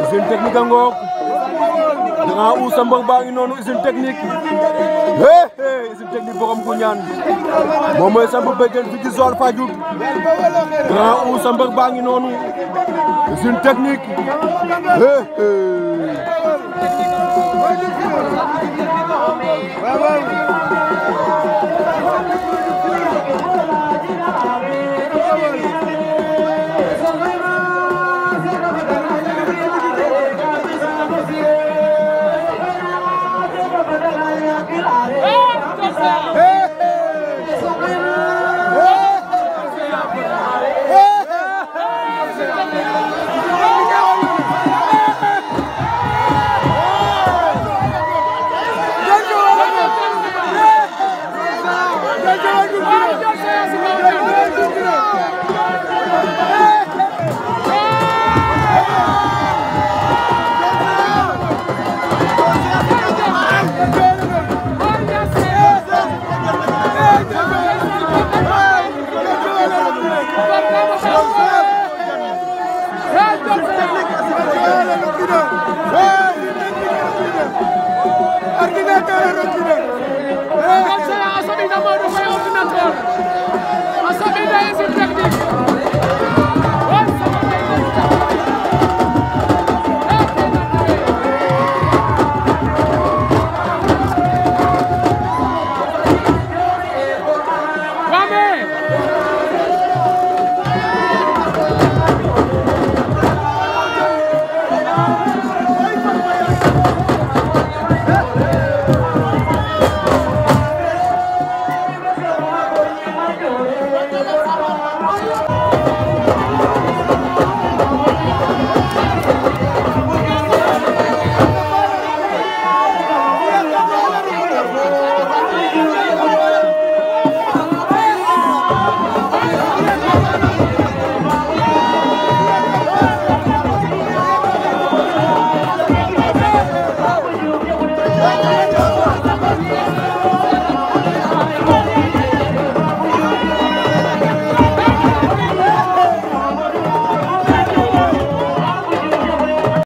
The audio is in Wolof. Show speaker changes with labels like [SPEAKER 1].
[SPEAKER 1] usine technique a ngoog grand Oussa Mbeur baa ngi noonu usine technique hey hey usine technique borom ku ñaan moom mooy baa ngi noonu usine technique hey
[SPEAKER 2] Let's go, ordinateur reculé. Comme c'est la Assamida Modou Faye ordinateur. Assamida est une technique. Thank you.